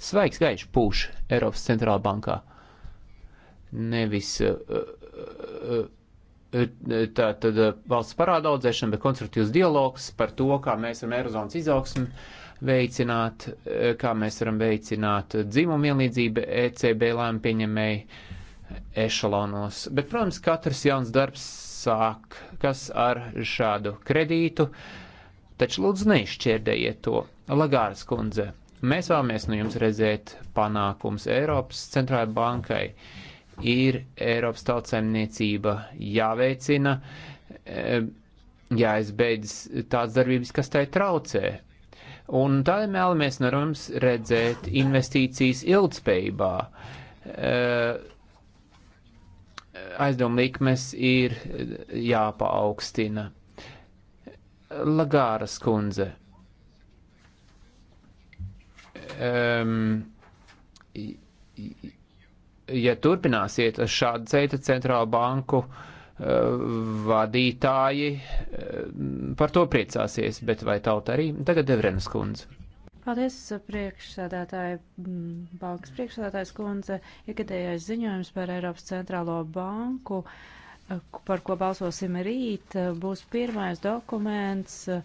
Svaigs gaišs pūš Eiropas centrāla bankā. Nevis eh, eh, eh, tā tad valsts parāda audzēšana, bet konstruktīvs dialogs par to, kā mēs varam Eirozonas izaugsmu veicināt, kā mēs varam veicināt dzimumu vienlīdzību ECB lēmu pieņemēju ešalonos. Bet, protams, katrs jauns darbs sāk, kas ar šādu kredītu, taču lūdzu neizšķērdējiet to. Lagāras kundze, Mēs vēlamies no jums redzēt panākums Eiropas centrālajai bankai. Ir Eiropas tautsēmniecība jāveicina, eh, jāizbeidz tās darbības, kas tai traucē. Un tādēļ vēlamies no jums redzēt investīcijas ilgspējībā. Eh, aizdomu likmes ir jāpaaugstina. Lagāras kundze um, ja turpināsiet šādu ceļu centrālu banku uh, vadītāji uh, par to priecāsies, bet vai tauta arī? Tagad Evrenas kundze. Paldies, priekšsēdētāji, mm, bankas priekšsēdētājs kundze. Ikadējais ziņojums par Eiropas centrālo banku, eh, par ko balsosim rīt, būs pirmais dokuments. Uh,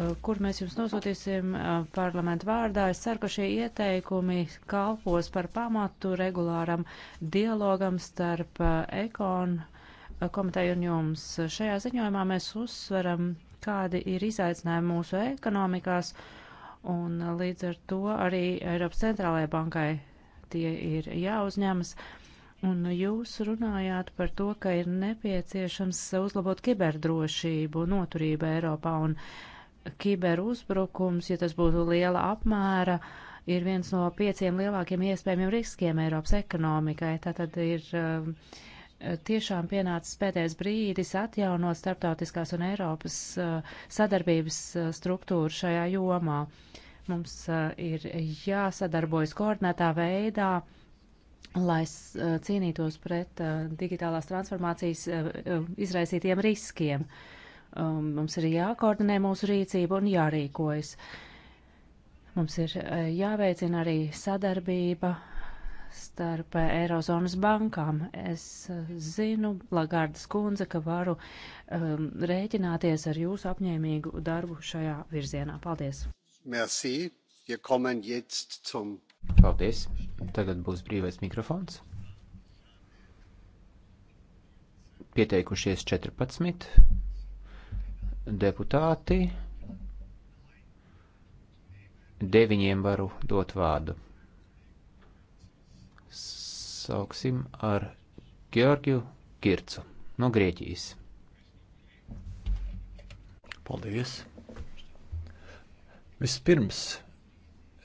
Eh, kur mēs jums nosūtīsim eh, parlamentu vārdā. Es ceru, ka šie ieteikumi kalpos par pamatu regulāram dialogam starp eh, ekon komiteju un jums. Šajā ziņojumā mēs uzsveram, kādi ir izaicinājumi mūsu ekonomikās, un līdz ar to arī Eiropas centrālajai bankai tie ir jāuzņemas. Un jūs runājāt par to, ka ir nepieciešams uzlabot kiberdrošību, noturību Eiropā, un uh, kiberuzbrukums, ja tas būtu liela apmēra, ir viens no pieciem lielākiem iespējamiem riskiem Eiropas ekonomikai. Tātad ir um, tiešām pienācis pēdējais brīdis atjaunot starptautiskās un Eiropas uh, sadarbības uh, struktūru šajā jomā. Mums uh, ir jāsadarbojas koordinētā veidā lai cīnītos pret digitālās transformācijas izraisītiem riskiem. Uh, um, mums ir jākoordinē mūsu rīcība un jārīkojas. Mums ir uh, jāveicina arī sadarbība starp Eirozonas bankām. Es uh, zinu, Lagardas kundze, ka varu um, rēķināties ar jūsu apņēmīgu darbu šajā virzienā. Paldies! Merci. Wir kommen jetzt zum. Paldies. Tagad būs brīvais mikrofons. Pieteikušies 14 deputāti. Deviņiem varu dot vārdu. Sauksim ar Georgiju Kircu no Grieķijas. Paldies! Vispirms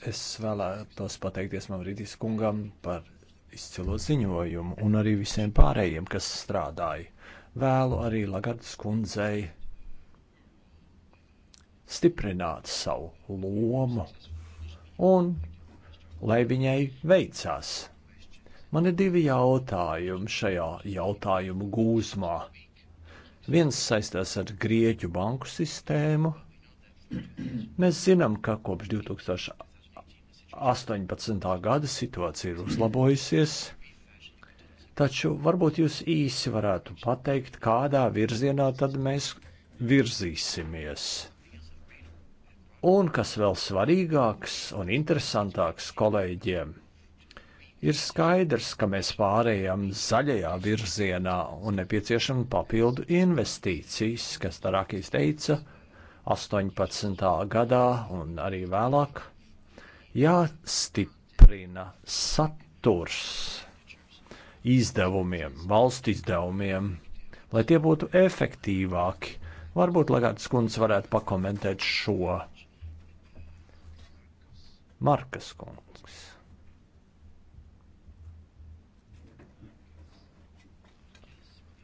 es vēlētos pateikties Mavrītis kungam par izcilo ziņojumu un arī visiem pārējiem, kas strādāja. Vēlu arī Lagardas kundzei stiprināt savu lomu un lai viņai veicās. Man ir divi jautājumi šajā jautājumu gūzmā. Viens saistās ar Grieķu banku sistēmu. Mēs zinām, ka kopš 2018. gada situācija ir uzlabojusies. Taču varbūt jūs īsi varētu pateikt, kādā virzienā tad mēs virzīsimies. Un kas vēl svarīgāks un interesantāks kolēģiem, ir skaidrs, ka mēs pārējām zaļajā virzienā un nepieciešama papildu investīcijas, kas Tarakīs teica 18. gadā un arī vēlāk jāstiprina saturs izdevumiem, valsts izdevumiem, lai tie būtu efektīvāki. Varbūt Lagardas kundze varētu pakomentēt šo Markas kungs.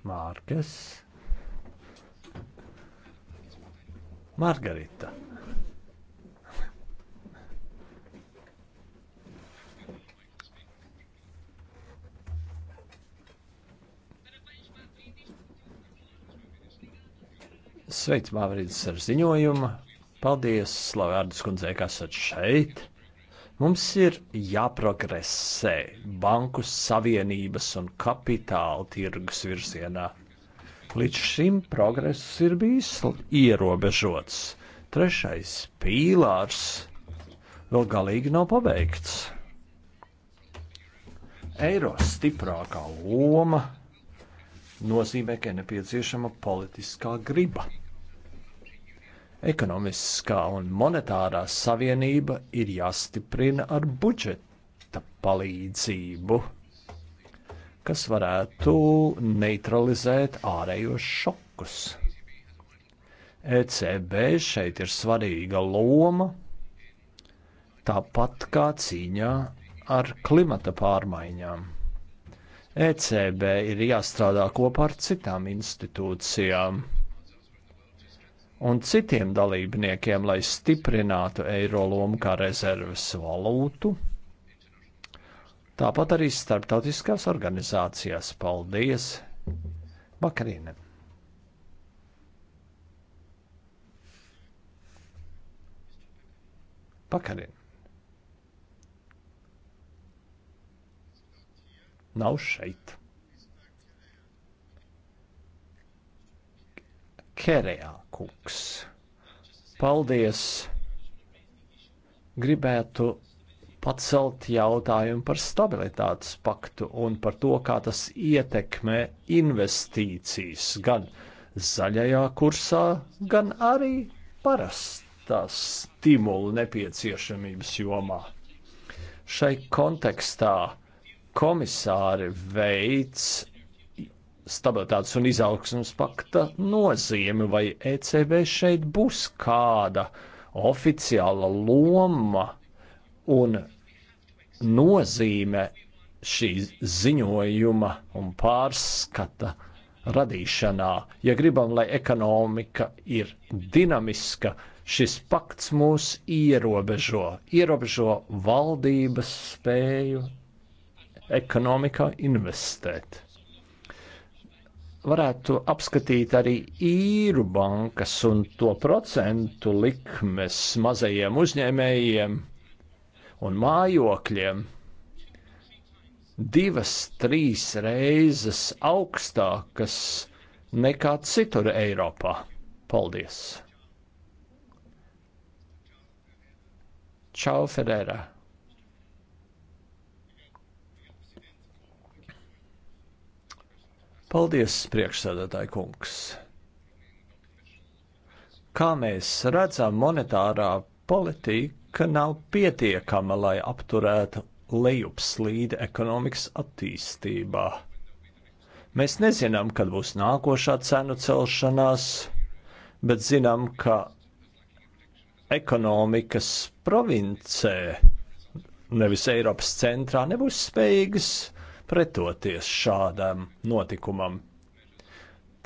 Mārkas. Margarita. Sveic, Mārcis, ar ziņojumu. Paldies, Slavārdas kundzei, kas esat šeit. Mums ir jāprogresē banku savienības un kapitāla tirgus virzienā. Līdz šim progress ir bijis ierobežots. Trešais pīlārs vēl galīgi nav pabeigts. Eiro stiprākā loma nozīmē, ka ir nepieciešama politiskā griba. Ekonomiskā un monetārā savienība ir jāstiprina ar budžeta palīdzību, kas varētu neutralizēt ārējos šokus. ECB šeit ir svarīga loma, tāpat kā cīņā ar klimata pārmaiņām. ECB ir jāstrādā kopā ar citām institūcijām, un citiem dalībniekiem, lai stiprinātu eiro lomu kā rezerves valūtu. Tāpat arī starptautiskās organizācijās. Paldies! Vakarīne! Vakarīne! Nav šeit. Kerejā. Kuks. Paldies! Gribētu pacelt jautājumu par stabilitātes paktu un par to, kā tas ietekmē investīcijas gan zaļajā kursā, gan arī parastās stimulu nepieciešamības jomā. Šai kontekstā komisāri veids stabilitātes un izaugsmas pakta nozīme, vai ECB šeit būs kāda oficiāla loma un nozīme šī ziņojuma un pārskata radīšanā. Ja gribam, lai ekonomika ir dinamiska, šis pakts mūs ierobežo, ierobežo valdības spēju ekonomikā investēt varētu apskatīt arī īru bankas un to procentu likmes mazajiem uzņēmējiem un mājokļiem divas, trīs reizes augstākas nekā citur Eiropā. Paldies! Čau, Ferēra! Paldies, priekšsēdētāji kungs! Kā mēs redzam, monetārā politika nav pietiekama, lai apturētu lejupslīdi ekonomikas attīstībā. Mēs nezinām, kad būs nākošā cenu celšanās, bet zinām, ka ekonomikas provincē, nevis Eiropas centrā, nebūs spējīgas pretoties šādam notikumam.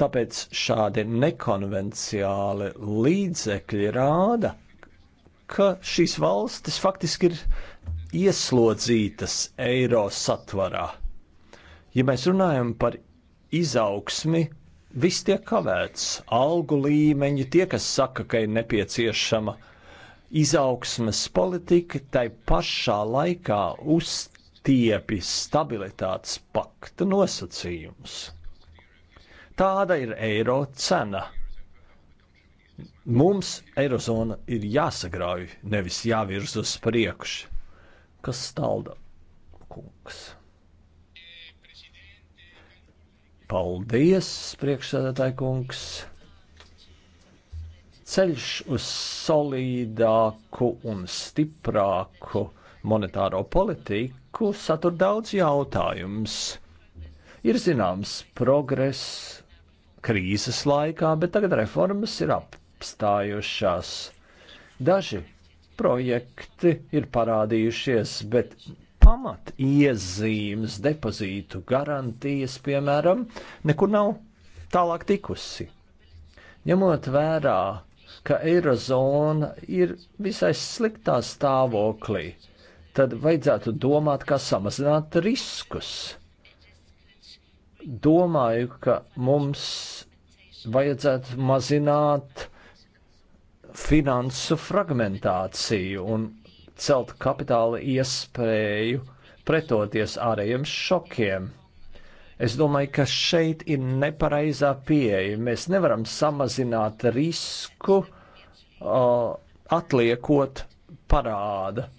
Tāpēc šādi nekonvenciāli līdzekļi rāda, ka šīs valstis faktiski ir ieslodzītas eiro satvarā. Ja mēs runājam par izaugsmi, viss tiek kavēts. Algu līmeņi, tie, kas saka, ka ir nepieciešama izaugsmes politika, tai pašā laikā uzstājas stiepi stabilitātes pakta nosacījums. Tāda ir eiro cena. Mums eirozona ir jāsagrauj, nevis jāvirz uz priekšu. Kas stalda kungs? Paldies, priekšsēdētāji kungs! ceļš uz solidāku un stiprāku monetāro politiku kurus satur daudz jautājums. Ir zināms progress krīzes laikā, bet tagad reformas ir apstājušās. Daži projekti ir parādījušies, bet pamat iezīmes, depozītu garantijas, piemēram, nekur nav tālāk tikusi. Ņemot vērā, ka Eirozona ir visai sliktā stāvoklī, tad vajadzētu domāt, kā samazināt riskus. Domāju, ka mums vajadzētu mazināt finansu fragmentāciju un celt kapitāla iespēju pretoties ārējiem šokiem. Es domāju, ka šeit ir nepareizā pieeja. Mēs nevaram samazināt risku, uh, atliekot parāda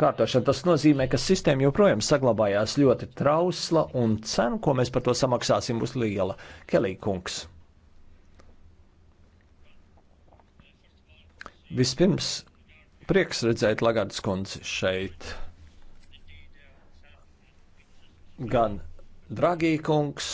kārtošana. Tas nozīmē, ka sistēma joprojām saglabājās ļoti trausla un cena, ko mēs par to samaksāsim, būs liela. Kelī kungs. Vispirms prieks redzēt Lagardas kundzi šeit. Gan Dragī kungs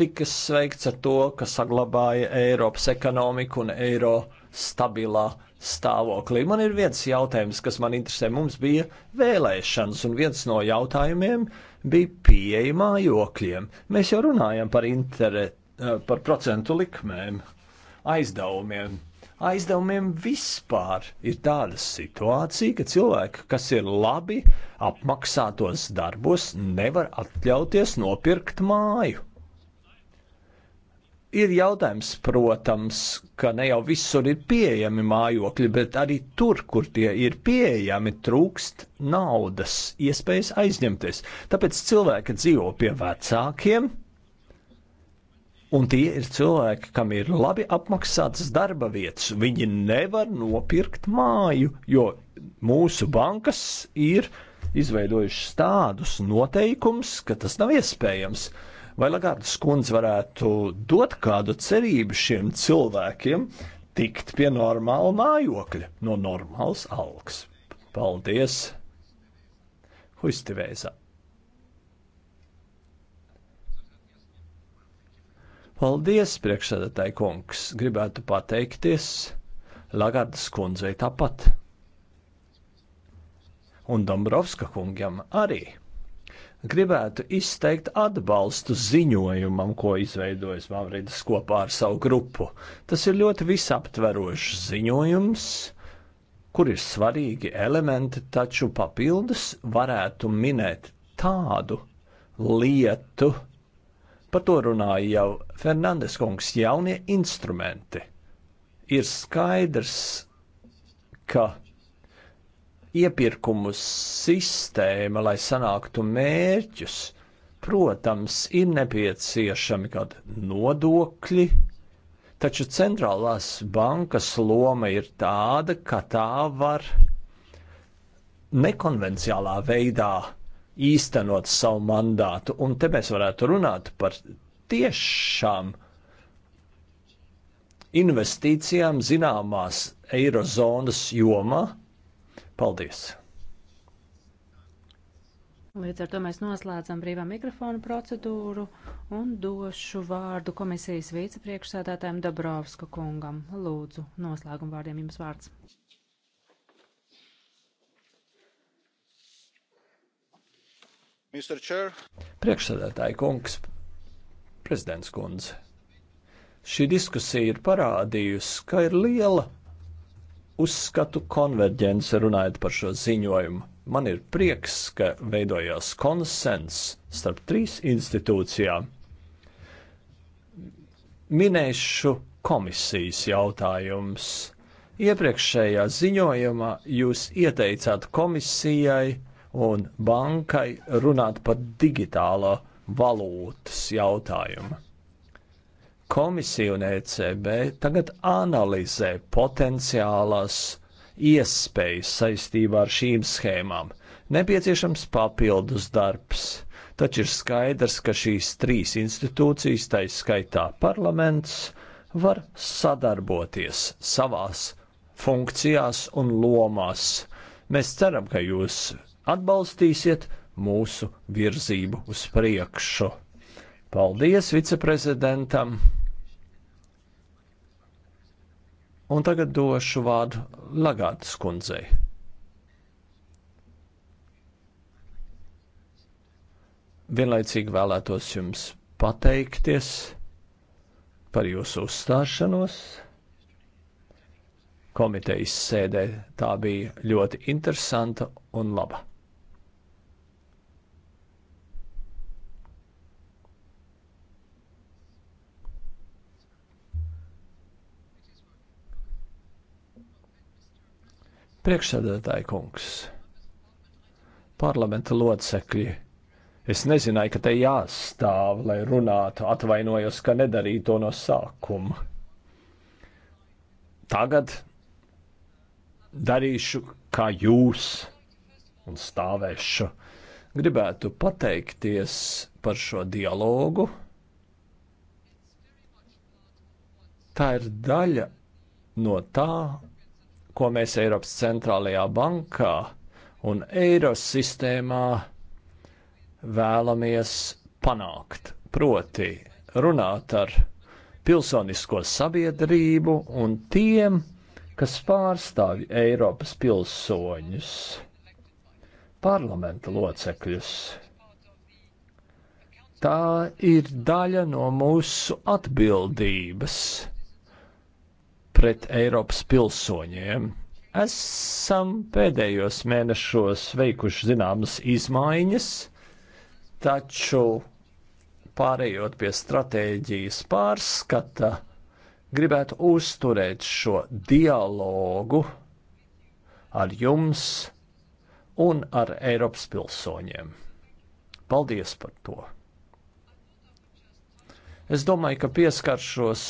tika sveikts ar to, ka saglabāja Eiropas ekonomiku un eiro stabilā stāvoklī. Man ir viens jautājums, kas man interesē. Mums bija vēlēšanas, un viens no jautājumiem bija pieeja mājokļiem. Mēs jau runājam par, intere, eh, par procentu likmēm, aizdevumiem. Aizdevumiem vispār ir tāda situācija, ka cilvēki, kas ir labi apmaksātos darbos, nevar atļauties nopirkt māju. Ir jautājums, protams, ka ne jau visur ir pieejami mājokļi, bet arī tur, kur tie ir pieejami, trūkst naudas, iespējas aizņemties. Tāpēc cilvēki dzīvo pie vecākiem, un tie ir cilvēki, kam ir labi apmaksātas darba vietas. Viņi nevar nopirkt māju, jo mūsu bankas ir izveidojušas tādus noteikumus, ka tas nav iespējams. Uh, Vai Lagardas kundze varētu dot kādu cerību šiem cilvēkiem tikt pie normāla mājokļa, no normālas algas? Paldies! Huistivēza! Paldies, priekšsēdētāji kungs! Gribētu pateikties Lagardas kundzei tāpat un Dombrovska kungam arī gribētu izteikt atbalstu ziņojumam, ko izveidojas Mavridas kopā ar savu grupu. Tas ir ļoti visaptverošs ziņojums, kur ir svarīgi elementi, taču papildus varētu minēt tādu lietu, par to runāja jau Fernandes kungs, jaunie instrumenti. Ir skaidrs, ka iepirkumu sistēma, lai sanāktu mērķus, protams, ir nepieciešami kādi nodokļi, taču centrālās bankas loma ir tāda, ka tā var nekonvenciālā veidā īstenot savu mandātu, un te mēs varētu runāt par tiešām investīcijām zināmās eirozonas jomā, Paldies! Līdz ar to mēs noslēdzam brīvā mikrofona procedūru un došu vārdu komisijas vicepriekšsēdētājiem Dabrovska kungam. Lūdzu, noslēguma vārdiem jums vārds. Priekšsēdētāji kungs, prezidents kundze, šī diskusija ir parādījusi, ka ir liela uzskatu konverģence runājot par šo ziņojumu. Man ir prieks, ka veidojās konsens starp trīs institūcijām. Minēšu komisijas jautājums. Iepriekšējā ziņojumā jūs ieteicāt komisijai un bankai runāt par digitālo valūtas jautājumu. Komisija un ECB tagad analizē potenciālās iespējas saistībā ar šīm schēmām. Nepieciešams papildus darbs, taču ir skaidrs, ka šīs trīs institūcijas, tā izskaitā parlaments, var sadarboties savās funkcijās un lomās. Mēs ceram, ka jūs atbalstīsiet mūsu virzību uz priekšu. Paldies viceprezidentam! Un tagad došu vārdu Lagādas kundzei. Vienlaicīgi vēlētos jums pateikties par jūsu uzstāšanos. Komitejas sēdē tā bija ļoti interesanta un laba. Priekšsēdētāji kungs, parlamenta locekļi, es nezināju, ka te jāstāv, lai runātu, atvainojos, ka nedarīju to no sākuma. Tagad darīšu kā jūs un stāvēšu. Gribētu pateikties par šo dialogu. Tā ir daļa no tā, ko mēs Eiropas centrālajā bankā un eiro sistēmā vēlamies panākt. Proti, runāt ar pilsonisko sabiedrību un tiem, kas pārstāvj Eiropas pilsoņus, parlamenta locekļus. Tā ir daļa no mūsu atbildības pret Eiropas pilsoņiem. Esam pēdējos mēnešos veikuši zināmas izmaiņas, taču pārējot pie stratēģijas pārskata, gribētu uzturēt šo dialogu ar jums un ar Eiropas pilsoņiem. Paldies par to! Es domāju, ka pieskaršos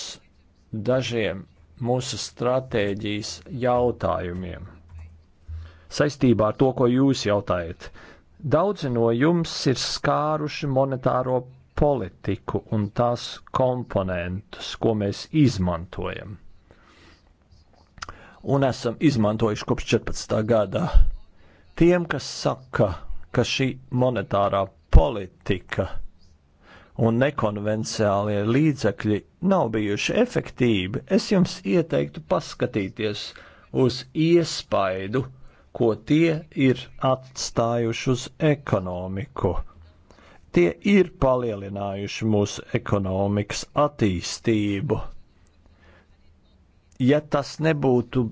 dažiem mūsu stratēģijas jautājumiem. Saistībā ar to, ko jūs jautājat, daudzi no jums ir skāruši monetāro politiku un tās komponentus, ko mēs izmantojam. Un esam izmantojuši kopš 14. gada. Tiem, kas saka, ka šī monetārā politika un nekonvenciālie līdzekļi nav bijuši efektīvi, es jums ieteiktu paskatīties uz iespaidu, ko tie ir atstājuši uz ekonomiku. Tie ir palielinājuši mūsu ekonomikas attīstību. Ja tas nebūtu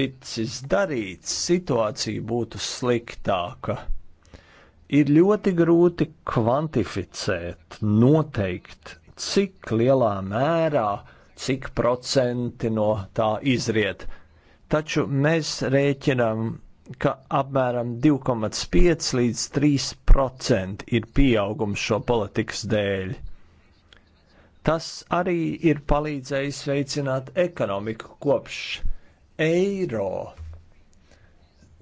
ticis darīts, situācija būtu sliktāka ir ļoti grūti kvantificēt, noteikt, cik lielā mērā, cik procenti no tā izriet. Taču mēs rēķinām, ka apmēram 2,5 līdz 3 procenti ir pieaugums šo politikas dēļ. Tas arī ir palīdzējis veicināt ekonomiku kopš eiro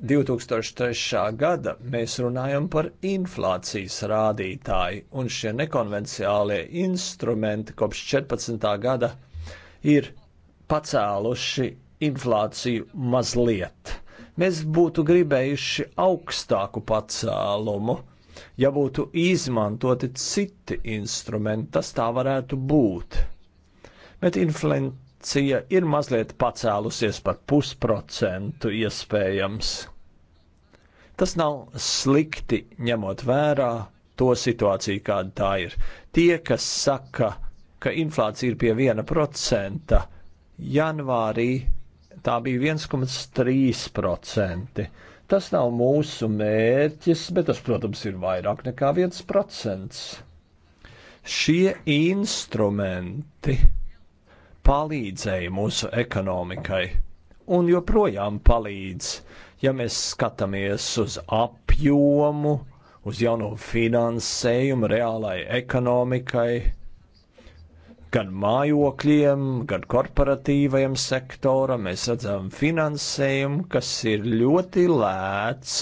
2003. gada mēs runājam par inflācijas rādītāju, un šie nekonvenciālie instrumenti kopš 14. gada ir pacēluši inflāciju mazliet. Mēs būtu gribējuši augstāku pacēlumu. Ja būtu izmantoti citi instrumenti, tas tā varētu būt. Bet inflācija inflācija ir mazliet pacēlusies par pusprocentu iespējams. Tas nav slikti, ņemot vērā to situāciju, kāda tā ir. Tie, kas saka, ka inflācija ir pie 1%, janvārī tā bija 1,3%. Tas nav mūsu mērķis, bet tas, protams, ir vairāk nekā 1%. Šie instrumenti palīdzēja mūsu ekonomikai un joprojām palīdz, ja mēs skatāmies uz apjomu, uz jauno finansējumu reālai ekonomikai, gan mājokļiem, gan korporatīvajam sektoram, mēs redzam finansējumu, kas ir ļoti lēts.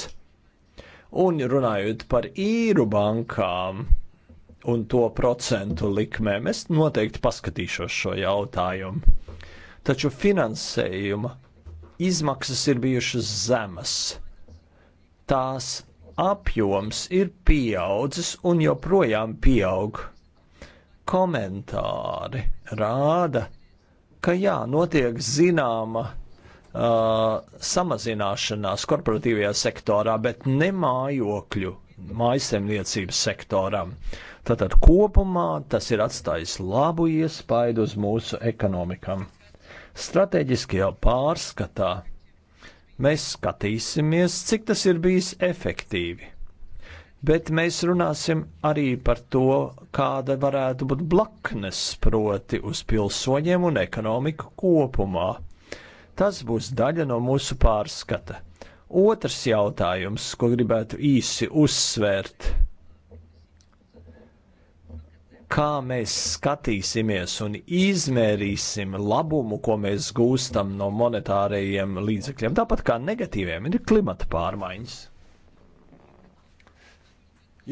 Un runājot par īru bankām, un to procentu likmēm. Es noteikti paskatīšos šo jautājumu. Taču finansējuma izmaksas ir bijušas zemas. Tās apjoms ir pieaudzis un joprojām pieaug. Komentāri rāda, ka jā, notiek zināma uh, samazināšanās korporatīvajā sektorā, bet ne mājokļu, mājasemniecības sektoram. Uh, Tātad kopumā tas ir atstājis labu iespaidu uz mūsu ekonomikam. Stratēģiskajā pārskatā mēs skatīsimies, cik tas ir bijis efektīvi, bet mēs runāsim arī par to, kāda varētu būt blaknes proti uz pilsoņiem un ekonomiku kopumā. Tas būs daļa no mūsu pārskata. Otrs jautājums, ko gribētu īsi uzsvērt, kā mēs skatīsimies un izmērīsim labumu, ko mēs gūstam no monetārajiem līdzekļiem, tāpat kā negatīviem, ir klimata pārmaiņas.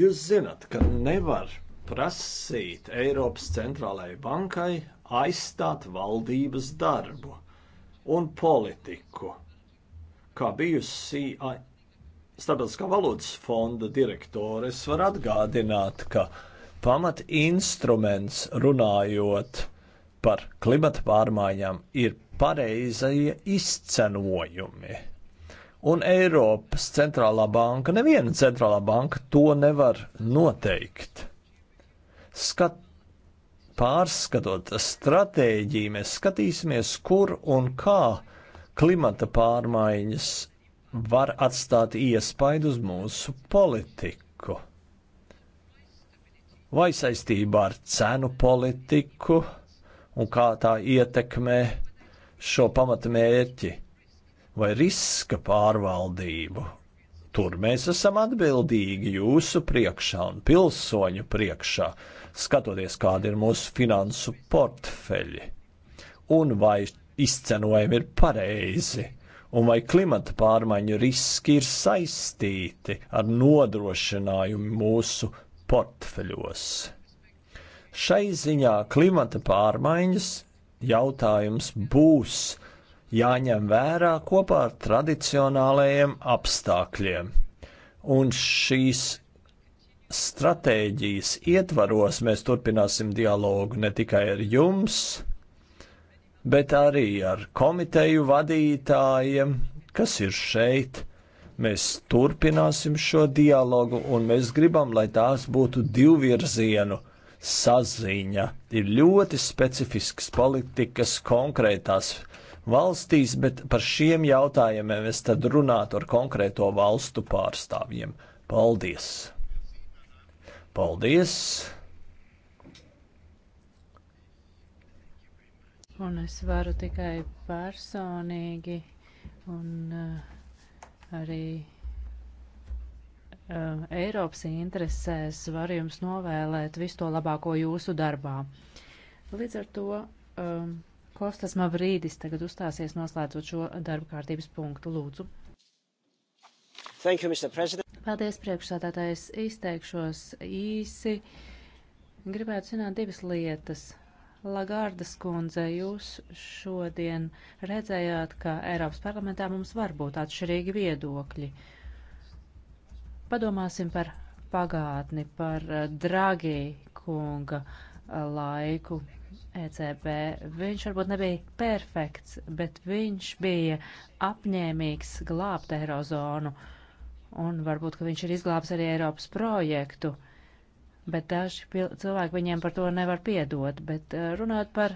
Jūs zinat, ka nevar prasīt Eiropas centrālajai bankai aizstāt valdības darbu un politiku, kā bijusi Starptautiskā valūtas fonda direktore, es varu atgādināt, ka pamat instruments runājot par klimata pārmaiņām ir pareizie izcenojumi. Un Eiropas centrālā banka, neviena centrālā banka to nevar noteikt. Skat, pārskatot stratēģiju, mēs skatīsimies, kur un kā klimata pārmaiņas var atstāt iespaidu uz mūsu politiku vai saistībā ar cenu politiku un kā tā ietekmē šo pamatmērķi vai riska pārvaldību. Tur mēs esam atbildīgi jūsu priekšā un pilsoņu priekšā, skatoties, kādi ir mūsu finansu portfeļi un vai izcenojumi ir pareizi un vai klimata pārmaiņu riski ir saistīti ar nodrošinājumu mūsu portfeļos. Šai ziņā klimata pārmaiņas jautājums būs jāņem vērā kopā ar tradicionālajiem apstākļiem, un šīs stratēģijas ietvaros mēs turpināsim dialogu ne tikai ar jums, bet arī ar komiteju vadītājiem, kas ir šeit Mēs turpināsim šo dialogu, un mēs gribam, lai tās būtu divvirzienu saziņa. Ir ļoti specifisks politikas konkrētās valstīs, bet par šiem jautājumiem es tad runātu ar konkrēto valstu pārstāvjiem. Paldies! Paldies! Un es varu tikai personīgi un uh, arī uh, Eiropas interesēs var jums novēlēt visu to labāko jūsu darbā. Līdz ar to um, Kostas Mavrīdis tagad uzstāsies noslēdzot šo darba kārtības punktu. Lūdzu. Thank you, Mr. President. Paldies, priekšsādātājs. Izteikšos īsi. Gribētu zināt divas lietas. Lagardas kundze, jūs šodien redzējāt, ka Eiropas parlamentā mums var būt atšķirīgi viedokļi. Padomāsim par pagātni, par eh, Dragī kunga eh, laiku ECB. Viņš varbūt nebija perfekts, bet viņš bija apņēmīgs glābt eirozonu. Un varbūt, ka viņš ir izglābs arī Eiropas projektu. Uh, bet daži cilvēki viņiem par to nevar piedot. Bet eh, runājot par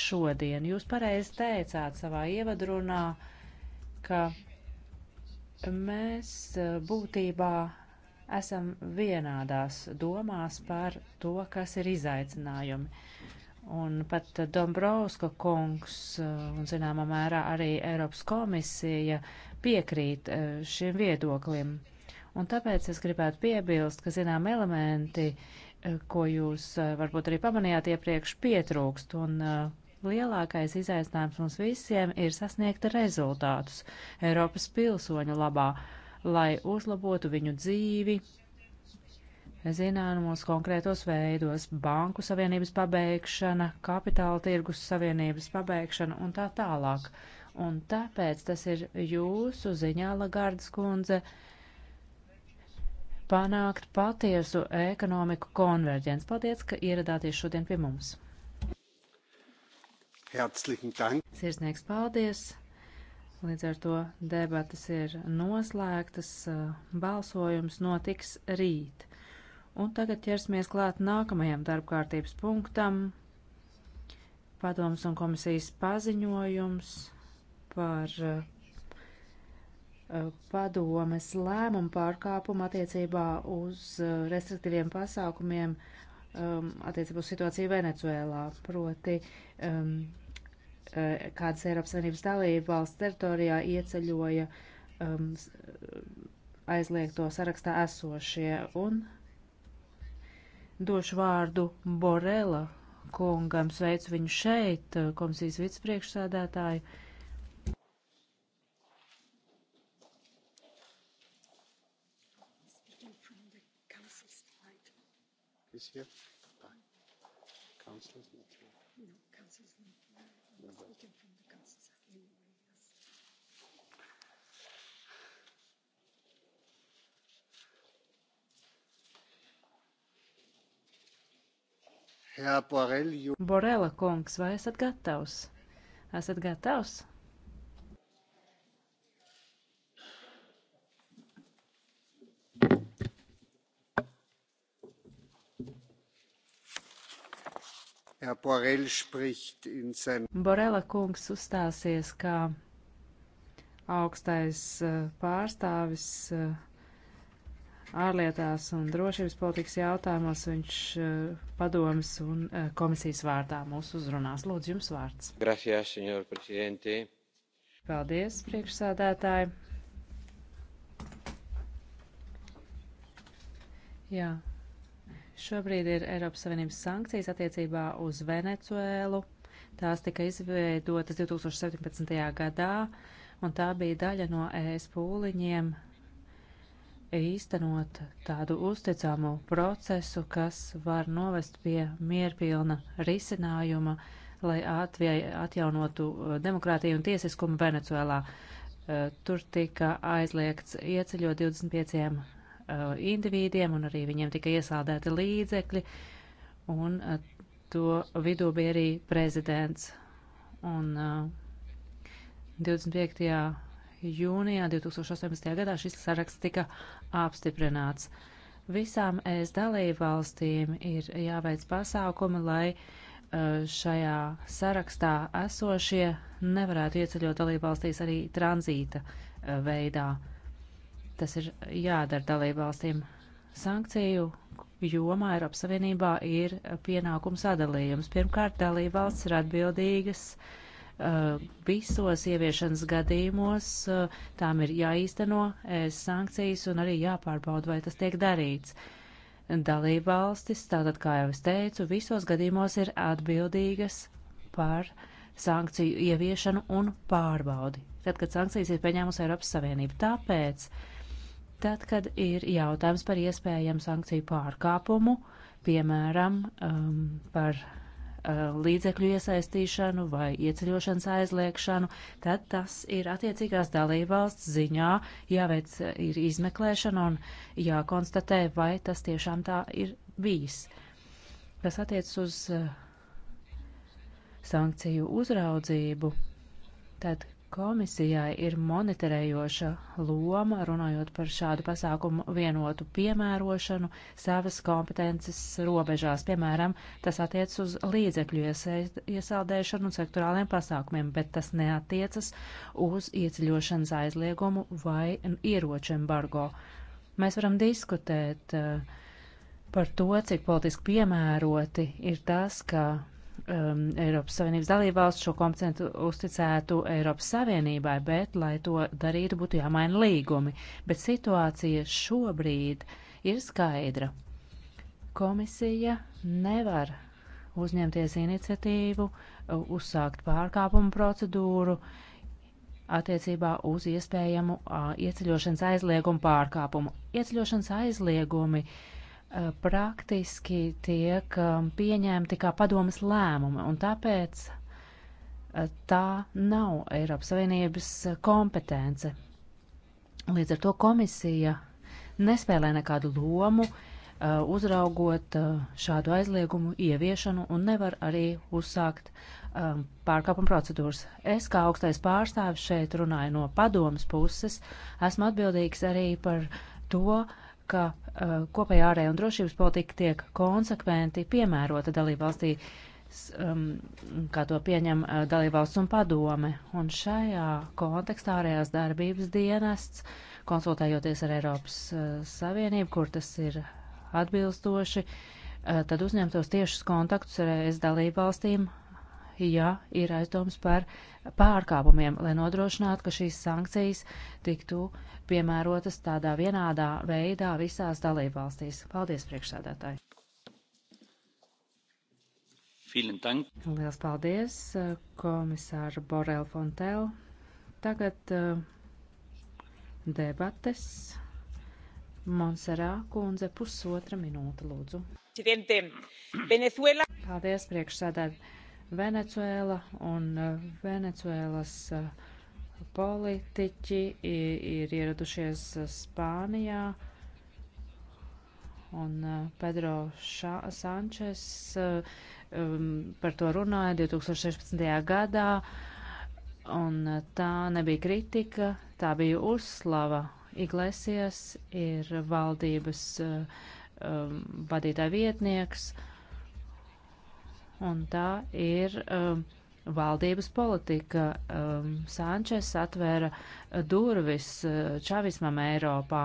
šodien, jūs pareizi teicāt savā ievadrunā, ka mēs eh, būtībā esam vienādās domās par to, kas ir izaicinājumi. Un pat Dombrovska kungs eh, un, zināmā mērā, arī Eiropas komisija piekrīt šim viedoklim. Uh, Un tāpēc es gribētu piebilst, ka zinām elementi, eh, ko jūs eh, varbūt arī pamanījāt iepriekš, pietrūkst. Un eh, lielākais izaicinājums mums visiem ir sasniegt rezultātus Eiropas pilsoņu labā, lai uzlabotu viņu dzīvi zināmos konkrētos veidos - banku savienības pabeigšana, kapitāla tirgus savienības pabeigšana un tā tālāk. Un tāpēc tas ir jūsu ziņā, Lagardas kundze, uh, panākt patiesu ekonomiku konverģents. Paldies, ka ieradāties šodien pie mums. Sirsnieks paldies! Līdz ar to debatas ir noslēgtas, eh, balsojums notiks rīt. Un tagad ķersimies klāt nākamajam darbkārtības punktam. Padoms un komisijas paziņojums par eh, padomes lēmumu pārkāpumu attiecībā uz uh, restriktīviem pasākumiem um, attiecībā uz situāciju Venecuēlā, proti um, uh, kādas Eiropas Savienības dalība valsts teritorijā ieceļoja um, uh, aizliegto sarakstā esošie. Un došu vārdu Borela kungam, sveicu viņu šeit, komisijas vicepriekšsēdētāju. Uh, is here. Council is not here. No, Council is not here. No, but... Speaking from the Council side anyway. Borela kungs, vai esat gatavs? Esat gatavs? Borela kungs uzstāsies kā augstais eh, pārstāvis eh, ārlietās un drošības politikas jautājumos. Viņš eh, padomas un komisijas vārdā mūs uzrunās. Lūdzu, jums vārds. Gracias, senor presidente. Paldies, priekšsādātāji. Jā. Šobrīd ir Eiropas Savienības sankcijas attiecībā uz Venecuēlu. Tās tika izveidotas 2017. gadā, un tā bija daļa no ES pūliņiem īstenot tādu uzticamu procesu, kas var novest pie mierpilna risinājuma, lai Latvijai atjaunotu uh, demokrātiju un tiesiskumu Venecuēlā. Uh, tur tika aizliegts ieceļot 25 uh, individiem, un arī viņiem tika iesaldēti līdzekļi, un uh, to vidū bija arī prezidents. Un uh, eh, 25. jūnijā 2018. gadā šis saraksts tika apstiprināts. Visām ES dalībvalstīm ir jāveic pasākumi, lai uh, šajā sarakstā esošie nevarētu ieceļot dalībvalstīs arī tranzīta veidā. Tas ir jādara dalībvalstīm. Sankciju jomā Eiropas Savienībā ir pienākumu sadalījums. Pirmkārt, dalībvalsts ir atbildīgas uh, visos ieviešanas gadījumos, uh, tām ir jāīsteno ES uh, sankcijas un arī jāpārbauda, vai tas tiek darīts. Dalībvalstis, tātad, kā jau es teicu, visos gadījumos ir atbildīgas par sankciju ieviešanu un pārbaudi, tad, kad sankcijas ir pieņēmusi Eiropas Savienība. Tāpēc uh, tad, kad ir jautājums par iespējamu sankciju pārkāpumu, piemēram, um, par uh, līdzekļu iesaistīšanu vai ieceļošanas aizliekšanu, tad tas ir attiecīgās dalībvalsts ziņā jāveic ir izmeklēšana un jākonstatē, vai tas tiešām tā ir bijis. Kas attiecas uz uh, sankciju uzraudzību, tad Komisijai ir monitorējoša loma, runājot par šādu pasākumu vienotu piemērošanu savas kompetences robežās. Piemēram, tas attiec uz līdzekļu iesaldēšanu un sektorāliem pasākumiem, bet tas neatiecas uz ieceļošanas aizliegumu vai ieroču embargo. Mēs varam diskutēt eh, par to, cik politiski piemēroti ir tas, ka um, Eiropas Savienības dalībvalsts šo kompetentu uzticētu Eiropas Savienībai, bet, lai to darītu, būtu jāmaina līgumi. Bet situācija šobrīd ir skaidra. Komisija nevar uzņemties iniciatīvu, uzsākt pārkāpumu procedūru attiecībā uz iespējamu uh, ieceļošanas aizliegumu pārkāpumu. Ieceļošanas aizliegumi uh, Eh, praktiski tiek eh, pieņemti kā padomas lēmumi, un tāpēc eh, tā nav Eiropas Savienības kompetence. Līdz ar to komisija nespēlē nekādu lomu, uzraugot šādu aizliegumu ieviešanu un nevar arī uzsākt pārkāpuma procedūras. Es kā augstais pārstāvis šeit runāju no padomas puses, esmu atbildīgs arī par to, uh, ka uh, kopējā ārēja un drošības politika tiek konsekventi piemērota dalībvalstī, um, kā to pieņem uh, dalībvalsts un padome. Un šajā kontekstā ārējās darbības dienests, konsultējoties ar Eiropas uh, Savienību, kur tas ir atbilstoši, uh, tad uzņemtos tiešus kontaktus ar ES dalībvalstīm ja ir aizdomas par pārkāpumiem, lai nodrošinātu, ka šīs sankcijas tiktu piemērotas tādā vienādā veidā visās dalībvalstīs. Paldies, priekšsēdētāji! Lielas paldies, komisāra Borel Fontel. Tagad uh, debates. Monserā kundze pusotra minūte, lūdzu. Paldies, priekšsēdētāji. Venecuēla un eh, Venecuēlas eh, politiķi ir ieradušies eh, Spānijā un Pedro Ša Sančes um, par to runāja 2016. gadā un tā nebija kritika, tā bija uzslava. Iglesias ir valdības um, vadītāja vietnieks. Uh, un tā ir um, valdības politika. Um, Sančes atvēra durvis uh, čavismam Eiropā.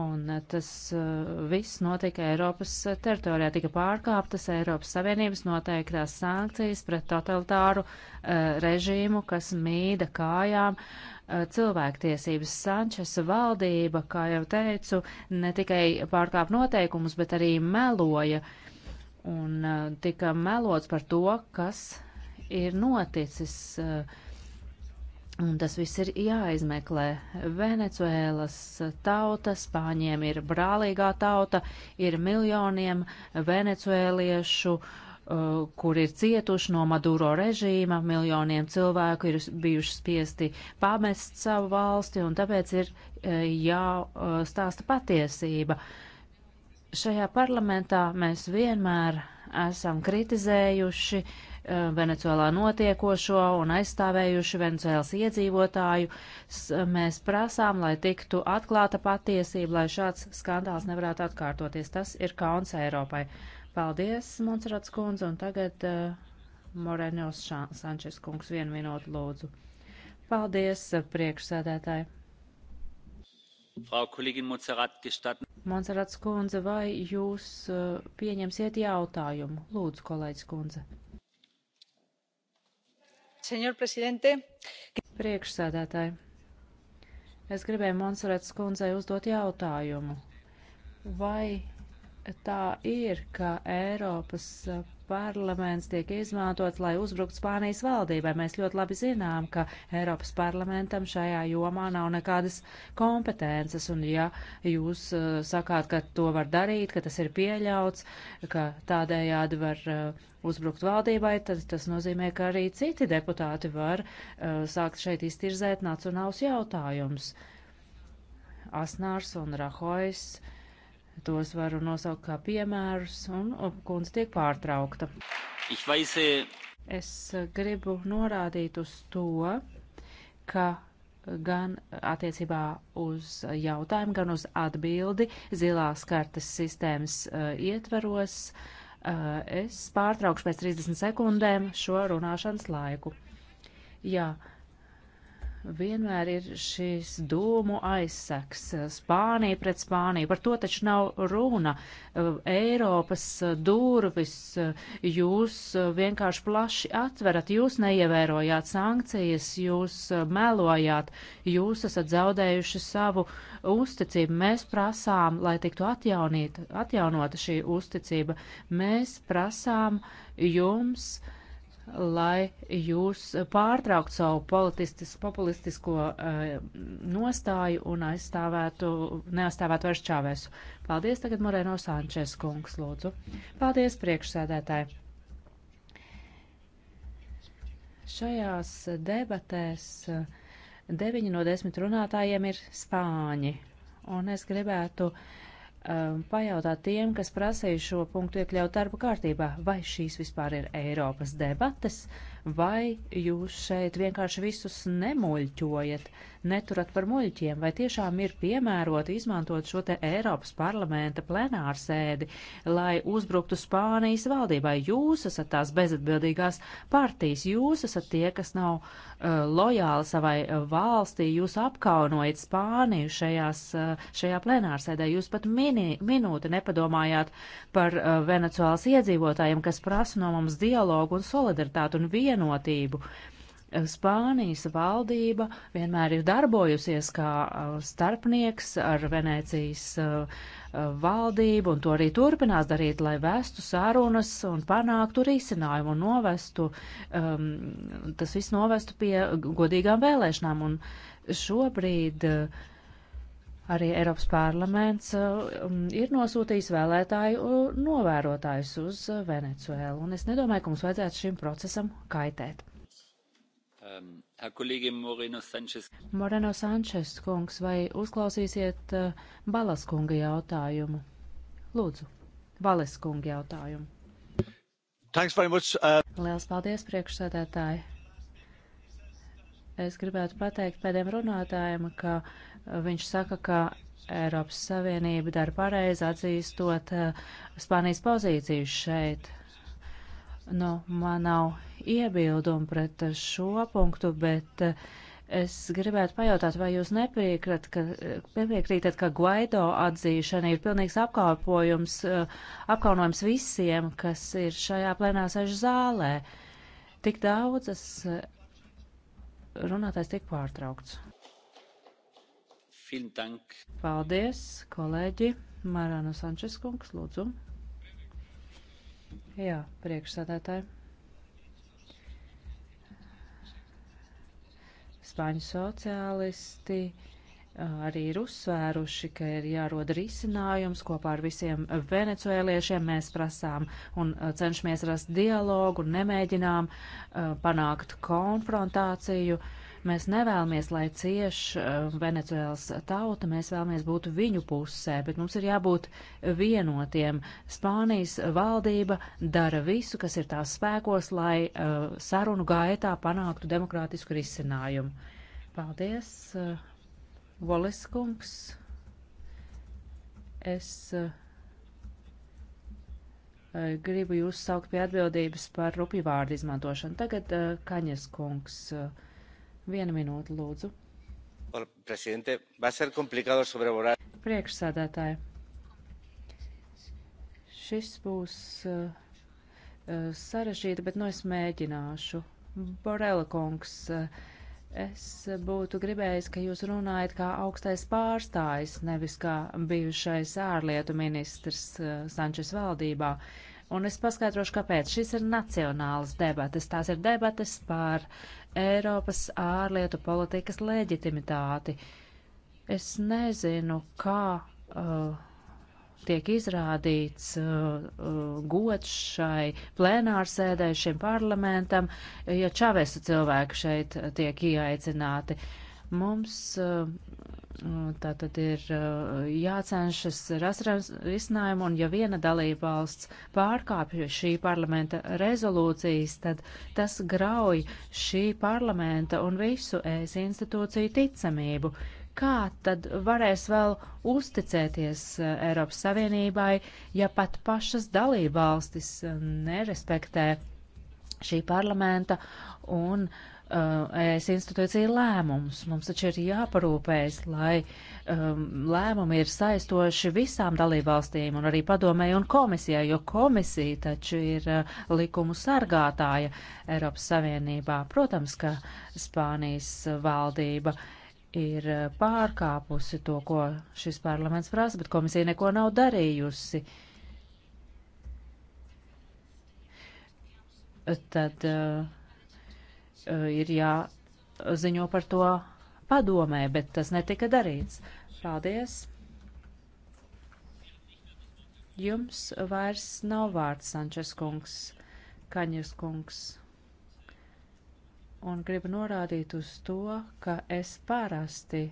Un uh, tas uh, viss notika Eiropas uh, teritorijā, tika pārkāptas Eiropas Savienības noteiktās sankcijas pret totalitāru uh, režīmu, kas mīda kājām uh, Eh, cilvēktiesības. Sančesa valdība, kā jau teicu, ne tikai pārkāp noteikumus, bet arī meloja un eh, tika melots par to, kas ir noticis. Eh, un tas viss ir jāizmeklē. Venecuēlas tauta, spāņiem ir brālīgā tauta, ir miljoniem venecuēliešu, uh, Uh, kur ir cietuši no Maduro režīma, miljoniem cilvēku ir bijuši spiesti pamest savu valsti, un tāpēc ir uh, jāstāsta patiesība. Šajā parlamentā mēs vienmēr esam kritizējuši uh, Venecuēlā notiekošo un aizstāvējuši Venecuēlas iedzīvotāju. Mēs prasām, lai tiktu atklāta patiesība, lai šāds skandāls nevarētu atkārtoties. Tas ir kauns Eiropai. Uh, Paldies, Monserats kundze, un tagad uh, eh, Morenos Sančes kungs vienu minūtu lūdzu. Paldies, eh, priekšsēdētāji. Frau Kollegin Monserrat, gestatten. Monserats kundze, vai jūs uh, pieņemsiet jautājumu? Lūdzu, kolēģis kundze. Senor prezidente. Priekšsēdētāji. Es gribēju Monserats kundzei uzdot jautājumu. Vai tā ir, ka Eiropas parlaments tiek izmantots, lai uzbruktu Spānijas valdībai. Mēs ļoti labi zinām, ka Eiropas parlamentam šajā jomā nav nekādas kompetences, un ja jūs uh, sakāt, ka to var darīt, ka tas ir pieļauts, ka tādējādi var uh, uzbrukt valdībai, tad tas nozīmē, ka arī citi deputāti var uh, sākt šeit iztirzēt nacionālus jautājumus. Asnārs un Rahojs. Uh, Tos varu nosaukt kā piemērus, un kundze tiek pārtraukta. Es e, gribu norādīt uz to, ka gan attiecībā uz jautājumu, gan uz atbildi zilās kartas sistēmas uh, ietvaros. Uh, es pārtraukšu pēc 30 sekundēm šo runāšanas laiku. Jā, uh, vienmēr ir šīs dūmu aizsaks. Spānija pret Spāniju. Par to taču nav runa. Uh, Eiropas uh, durvis uh, jūs vienkārši plaši atverat. Jūs neievērojāt sankcijas, jūs melojāt, jūs esat zaudējuši savu uzticību. Mēs prasām, lai tiktu atjaunīt, atjaunota šī uzticība. Mēs prasām jums. Uh, lai jūs pārtrauktu savu populistisko uh, nostāju un aizstāvētu, neaizstāvētu vairs čāvēsu. Paldies tagad Moreno Sančes kungs, lūdzu. Paldies priekšsēdētāji. Šajās debatēs eh, deviņi no desmit runātājiem ir spāņi, un es gribētu uh, Um, pajautāt tiem, kas prasīja šo punktu iekļaut darba kārtībā, vai šīs vispār ir Eiropas debates, vai jūs šeit vienkārši visus nemuļķojat. Uh, neturat par muļķiem, vai tiešām ir piemēroti izmantot šo te Eiropas parlamenta plenārsēdi, lai uzbruktu Spānijas valdībai. Jūs esat tās bezatbildīgās partijas, jūs esat tie, kas nav uh, lojāli savai uh, valstī, jūs apkaunojat Spāniju šajās, uh, šajā plenārsēdē, jūs pat mini, minūti nepadomājāt par uh, Venecuālas iedzīvotājiem, kas prasa no mums dialogu un solidaritātu un vienotību. Uh, Spānijas valdība vienmēr ir darbojusies kā uh, starpnieks ar Venēcijas uh, uh, valdību, un to arī turpinās darīt, lai vestu sarunas un panāktu risinājumu un novestu, um, tas viss novestu pie godīgām vēlēšanām. Un šobrīd uh, arī Eiropas parlaments uh, um, ir nosūtījis vēlētāju novērotājus uz Venecuēlu, un es nedomāju, ka mums vajadzētu šim procesam kaitēt. Um, Moreno Sančes. Moreno Sančes kungs, vai uzklausīsiet uh, Balas kunga jautājumu? Lūdzu, Balas kunga jautājumu. Much, uh... Liels paldies, priekšsēdētāji. Es gribētu pateikt pēdējiem runātājiem, ka uh, viņš saka, ka Eiropas Savienība dara pareizi atzīstot uh, Spānijas pozīciju šeit. Nu, man nav iebildumu pret šo punktu, bet eh, es gribētu pajautāt, vai jūs nepiekrītat, ka, nepiekrītat, eh, ka Guaido atzīšana ir pilnīgs apkalpojums, eh, apkaunojums visiem, kas ir šajā plenā sešu zālē. Tik daudzas runātājs tiek pārtraukts. Paldies, kolēģi. Marāno Sančes kungs, lūdzu. Jā, priekšsādātāji. Spāņu sociālisti arī ir uzsvēruši, ka ir jāroda risinājums kopā ar visiem venecuēliešiem. Mēs prasām un cenšamies rast dialogu, nemēģinām panākt konfrontāciju. Uh, Mēs nevēlamies, lai cieš eh, Venecuēlas tauta, mēs vēlamies būt viņu pusē, bet mums ir jābūt vienotiem. Spānijas valdība dara visu, kas ir tās spēkos, lai uh, sarunu gaitā panāktu demokrātisku risinājumu. Paldies, uh, eh, Voliskungs. Es uh, gribu jūs saukt pie atbildības par rupjvārdu izmantošanu. Tagad uh, Kaņas kungs. Uh, Viena minūte, lūdzu. Priekšsēdētāji, šis būs uh, sarežģīti, bet nu es mēģināšu. Borela kungs, uh, es būtu gribējis, ka jūs runājat kā augstais pārstājs, nevis kā bijušais ārlietu ministrs uh, Sančes valdībā. Un es paskaidrošu, kāpēc. Šis ir nacionāls debates. Tās ir debates par uh, Eiropas ārlietu politikas leģitimitāti. Es nezinu, kā uh, tiek izrādīts uh, uh, gods šai plenārsēdē, šim parlamentam, ja čavesa cilvēki šeit tiek ieaicināti. Mums uh, Tā tad ir uh, jācenšas rast risinājumu, un ja viena dalība valsts pārkāpj šī parlamenta rezolūcijas, tad tas grauj šī parlamenta un visu ES institūciju ticamību. Kā tad varēs vēl uzticēties uh, Eiropas Savienībai, ja pat pašas dalība valstis uh, nerespektē šī parlamenta un uh, Uh, ES institūcija lēmumus. Mums taču ir jāparūpējas, lai um, lēmumi ir saistoši visām dalībvalstīm un arī padomēji un komisijai, jo komisija taču ir uh, likumu sargātāja Eiropas Savienībā. Protams, ka Spānijas valdība ir uh, pārkāpusi to, ko šis parlaments prasa, bet komisija neko nav darījusi. Tad uh, Eh, ir jāziņo par to padomē, bet tas netika darīts. Paldies! Jums vairs nav vārds, Sančes kungs, Kaņas kungs. Un gribu norādīt uz to, ka es parasti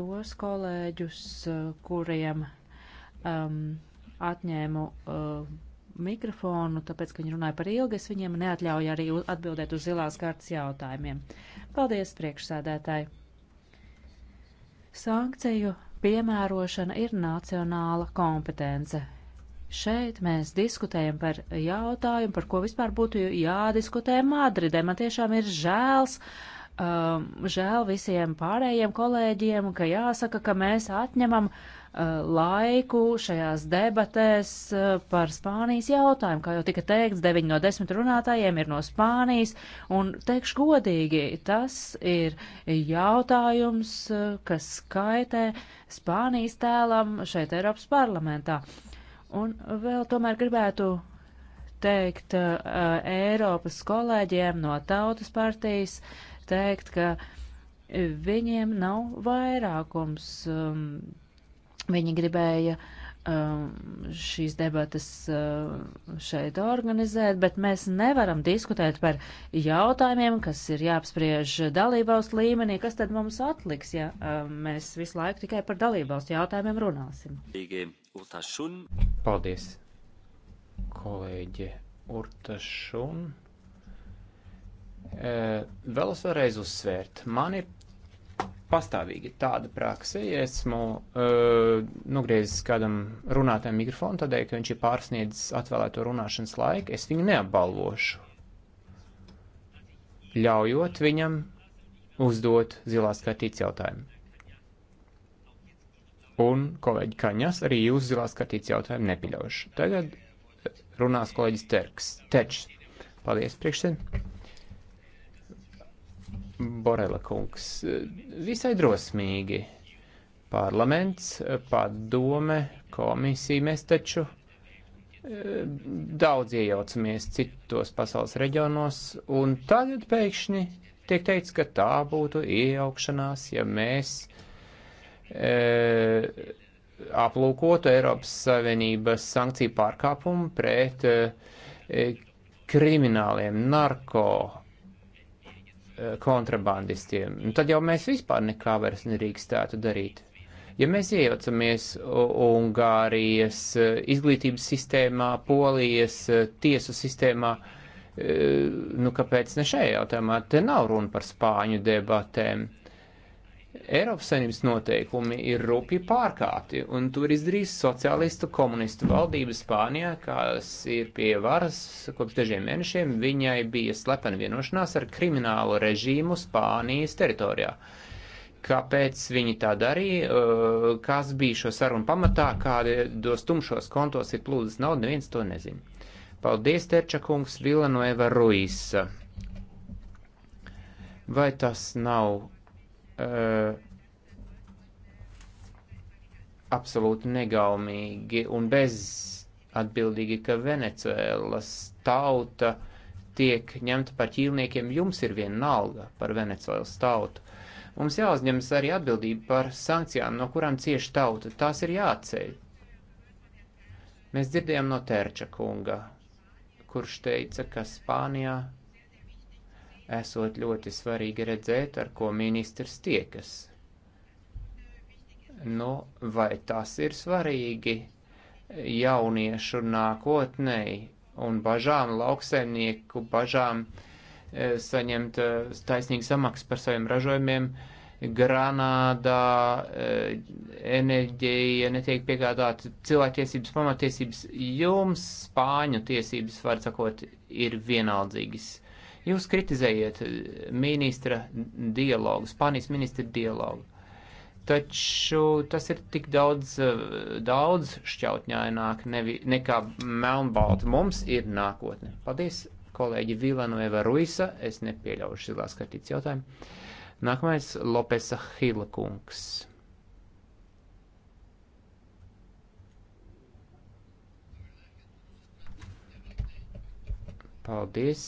tos kolēģus, eh, kuriem um, atņēmu uh, mikrofonu, tāpēc, ka viņi runāja par ilgu, es viņiem neatļauju arī atbildēt uz zilās kārtas jautājumiem. Paldies, priekšsēdētāji! Sankciju piemērošana ir nacionāla kompetence. Šeit mēs diskutējam par jautājumu, par ko vispār būtu jādiskutē Madridē. Man tiešām ir žēls, um, žēl visiem pārējiem kolēģiem, ka jāsaka, ka mēs atņemam uh, Eh, laiku šajās debatēs eh, par Spānijas jautājumu. Kā jau tika teikts, deviņi no desmit runātājiem ir no Spānijas, un teikšu godīgi, tas ir jautājums, eh, kas skaitē Spānijas tēlam šeit Eiropas parlamentā. Un vēl tomēr gribētu teikt uh, Eiropas kolēģiem no Tautas partijas, teikt, ka viņiem nav vairākums. Um, Viņi gribēja um, šīs debatas uh, šeit organizēt, bet mēs nevaram diskutēt par jautājumiem, kas ir jāapspriež dalībvalstu līmenī. Kas tad mums atliks, ja um, mēs visu laiku tikai par dalībvalstu jautājumiem runāsim? Paldies, kolēģi Urtašun. Eh, vēl es vēlreiz uzsvērt, man ir pastāvīgi tāda praksa. Ja esmu uh, nogriezis kādam runātājam mikrofonu, tādēļ, ka viņš ir pārsniedzis atvēlēto runāšanas laiku, es viņu neapbalvošu. Ļaujot viņam uzdot zilās kartītes jautājumu. Un, kolēģi Kaņas, arī jūs zilās kartītes jautājumu nepieļaušu. Tagad runās kolēģis Terks. Tečs. Paldies, priekšsēdētāji. Borela kungs, visai drosmīgi. Parlaments, padome, komisija, mēs taču eh, daudz iejaucamies citos pasaules reģionos, un tagad pēkšņi tiek teikts, ka tā būtu iejaukšanās, ja mēs e, aplūkotu Eiropas Savienības sankciju pārkāpumu pret e, krimināliem, narko Eh, kontrabandistiem. Un nu, tad jau mēs vispār nekā vairs nerīkstētu darīt. Ja mēs iejaucamies Ungārijas eh, izglītības sistēmā, Polijas eh, tiesu sistēmā, nu kāpēc ne šajā jautājumā? Te nav runa par spāņu debatēm. Eiropas saimnības noteikumi ir rupji pārkāpti, un to ir izdarījis sociālistu komunistu valdība Spānijā, kas ir pie varas kopš dažiem mēnešiem. Viņai bija slepena vienošanās ar kriminālu režīmu Spānijas teritorijā. Kāpēc viņi tā darīja, eh, kas bija šo sarunu pamatā, kādos tumšos kontos ir plūdes nauda, neviens to nezina. Paldies, Terča kungs, Vilanueva Ruisa. Vai tas nav Eh, absolūti negaumīgi un bezatbildīgi, ka Venecuēlas tauta tiek ņemta par ķīlniekiem. Jums ir viena nalga par Venecuēlas tautu. Mums jāuzņemas arī atbildība par sankcijām, no kurām cieši tauta. Tās ir jāatceļ. Mēs dzirdējām no Tērča kunga, kurš teica, ka Spānijā esot ļoti svarīgi redzēt, ar ko ministrs tiekas. Nu, vai tas ir svarīgi jauniešu nākotnēji un bažām, lauksaimnieku bažām e, saņemt e, taisnīgu samaksu par saviem ražojumiem? Granādā e, enerģija netiek piegādāta cilvēktiesības, pamatiesības, jums spāņu tiesības, var sakot, ir vienaldzīgas Jūs kritizējiet eh, ministra dialogu, Spānijas ministra dialogu. Taču tas ir tik daudz, eh, daudz šķautņaināk nevi, nekā melnbalta. Mums ir nākotne. Paldies, kolēģi Vilano Eva Ruisa. Es nepieļaušu šilās kartīts jautājumu. Nākamais Lopesa Hila kungs. Paldies.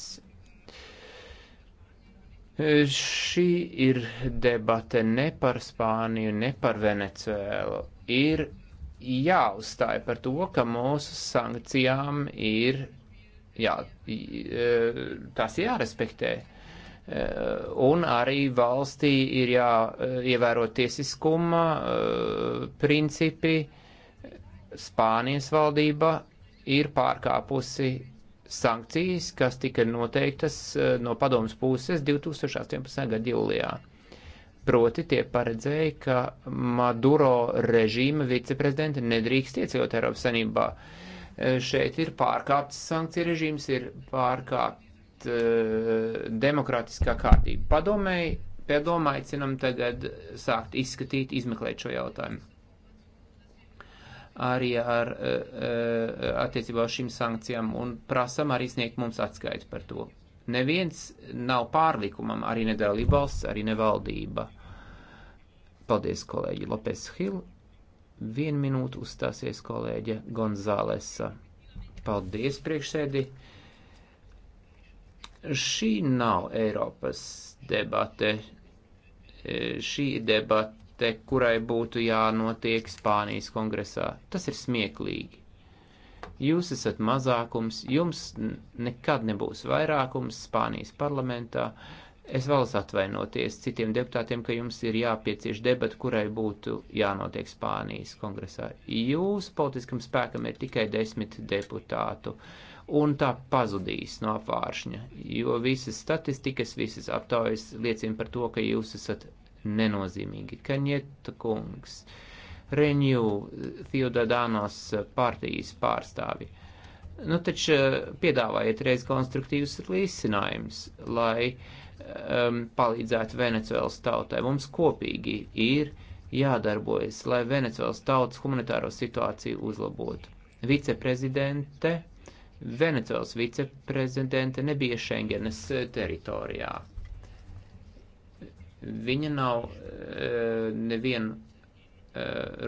Šī ir debate ne par Spāniju, ne par Venecuēlu. Ir jāuzstāja par to, ka mūsu sankcijām ir jā, e, tās jārespektē. E, un arī valstī ir jāievēro e, tiesiskuma principi. Spānijas valdība ir pārkāpusi sankcijas, kas tika noteiktas eh, no padomas puses 2018. gada jūlijā. Proti tie paredzēja, ka Maduro režīma viceprezidenta nedrīkst ieceļot Eiropas Sanībā. Eh, šeit ir pārkāpts sankcija režīms, ir pārkāpt uh, demokrātiskā kārtība. Padomēji, padomā aicinam tagad sākt izskatīt, izmeklēt šo jautājumu arī ar, e, e, attiecībā uz šīm sankcijām un prasam arī sniegt mums atskaiti par to. Neviens nav pārlikumam, arī nedalība valsts, arī nevaldība. Paldies, kolēģi Lopes Hill. Vienu minūtu uzstāsies kolēģe Gonzālesa. Paldies, priekšsēdi. Šī nav Eiropas debate. E, šī debata debatē, kurai būtu jānotiek Spānijas kongresā. Tas ir smieklīgi. Jūs esat mazākums, jums nekad nebūs vairākums Spānijas parlamentā. Es vēlos atvainoties citiem deputātiem, ka jums ir jāpiecieš debata, kurai būtu jānotiek Spānijas kongresā. Jūsu politiskam spēkam ir tikai desmit deputātu, un tā pazudīs no apvāršņa, jo visas statistikas, visas aptaujas liecina par to, ka jūs esat nenozīmīgi. Kaņieta kungs, Renew, Theodadānos partijas pārstāvi. Nu, taču eh, piedāvājiet reiz konstruktīvus risinājumus, lai um, palīdzētu Venecuēlas tautai. Mums kopīgi ir jādarbojas, lai Venecuēlas tautas humanitāro situāciju uzlabotu. Viceprezidente Venecijas viceprezidente nebija Schengenes eh, teritorijā. Viņa nav e, nevienu e,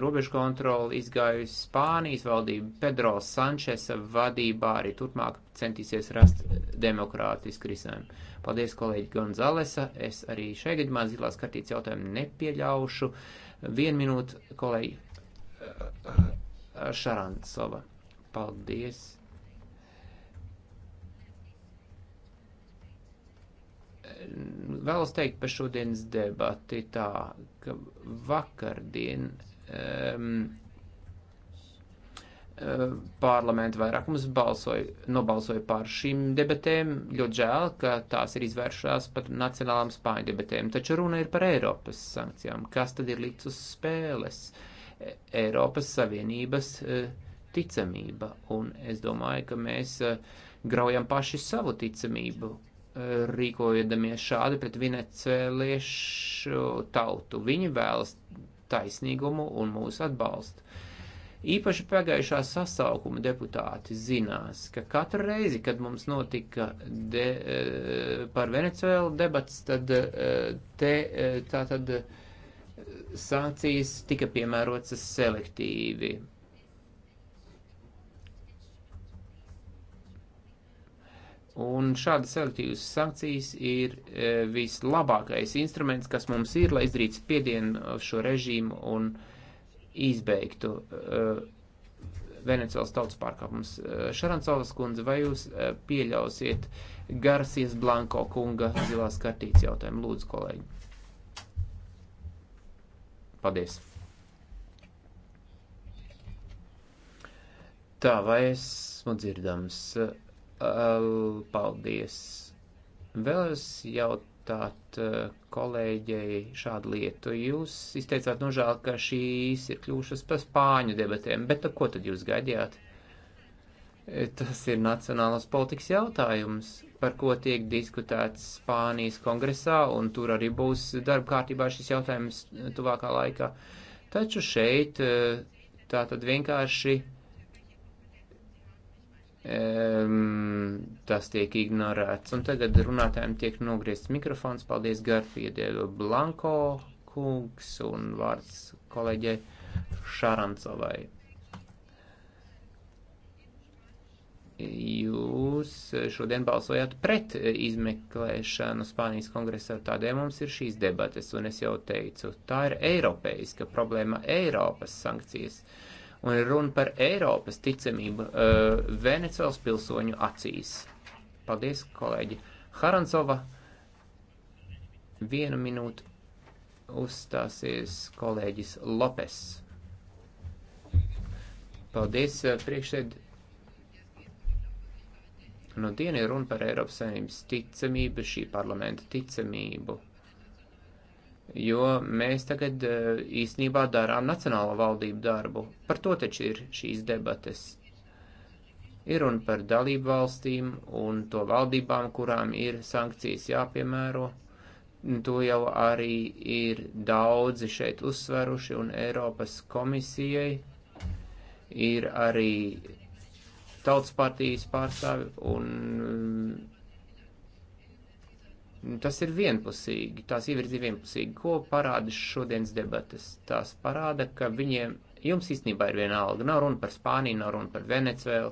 robežu kontroli izgājusi Spānijas valdība, Pedro Sančesa vadībā arī turpmāk centīsies rast demokrātisku risinājumu. Paldies, kolēģi Gonzalesa. Es arī šajā gadījumā zilās kartītes jautājumu nepieļaušu. Vienu minūtu, kolēģi Šarantsova. Paldies. vēlos teikt par šodienas debati tā, ka vakardien um, parlamenta vairākums balsoja, nobalsoja par šīm debatēm. Ļoti žēl, ka tās ir izvēršās par nacionālām spāņu debatēm, taču runa ir par Eiropas sankcijām. Kas tad ir līdz uz spēles? E, Eiropas Savienības e, ticamība, un es domāju, ka mēs e, graujam paši savu ticamību, rīkojodamies šādi pret venecēliešu tautu. Viņi vēlas taisnīgumu un mūsu atbalstu. Īpaši pagājušā sasaukuma deputāti zinās, ka katru reizi, kad mums notika de, eh, par Venecuēlu debats, tad eh, te, eh, tā tad sankcijas tika piemērotas selektīvi. Un šādas selektīvas sankcijas ir e, vislabākais instruments, kas mums ir, lai izdarītu spiedienu šo režīmu un izbeigtu e, Venecijas tautas pārkāpumus. E, Šarancovas kundze, vai jūs e, pieļausiet Garsies Blanko kunga zilās kartītes jautājumu? Lūdzu, kolēģi. Paldies. Tā, vai esmu dzirdams? E, Paldies! Vēlos jautāt eh, kolēģei šādu lietu. Jūs izteicāt nožēlu, ka šīs ir kļūšas par spāņu debatēm, bet nu, ko tad jūs gaidījāt? Eh, tas ir nacionālas politikas jautājums, par ko tiek diskutēts Spānijas kongresā, un tur arī būs darba kārtībā šis jautājums tuvākā laikā. Taču šeit eh, tā tad vienkārši Um, tas tiek ignorēts. Un tagad runātājiem tiek nogriezts mikrofons. Paldies Garfīdēļu Blanko kungs un vārds kolēģei Šarancovai. Jūs šodien balsojāt pret izmeklēšanu Spānijas kongresā, tādēļ mums ir šīs debates, un es jau teicu, tā ir eiropeiska problēma, Eiropas sankcijas. Uh, un ir runa par Eiropas ticamību uh, eh, Venecijas pilsoņu acīs. Paldies, kolēģi. Harantsova, vienu minūtu uzstāsies kolēģis Lopes. Paldies, eh, priekšsēd. No diena ir runa par Eiropas saimnības ticamību, šī parlamenta ticamību jo mēs tagad eh, īstenībā darām nacionālo valdību darbu. Par to taču ir šīs debates. Ir un par dalību valstīm un to valdībām, kurām ir sankcijas jāpiemēro. To jau arī ir daudzi šeit uzsveruši, un Eiropas komisijai ir arī tautas partijas pārstāvi un Tas ir vienpusīgi, tās ievirzi vienpusīgi. Ko parāda šodienas debatas? Tās parāda, ka viņiem, jums īstenībā ir viena alga. Nav runa par Spāniju, nav runa par Venecuēlu.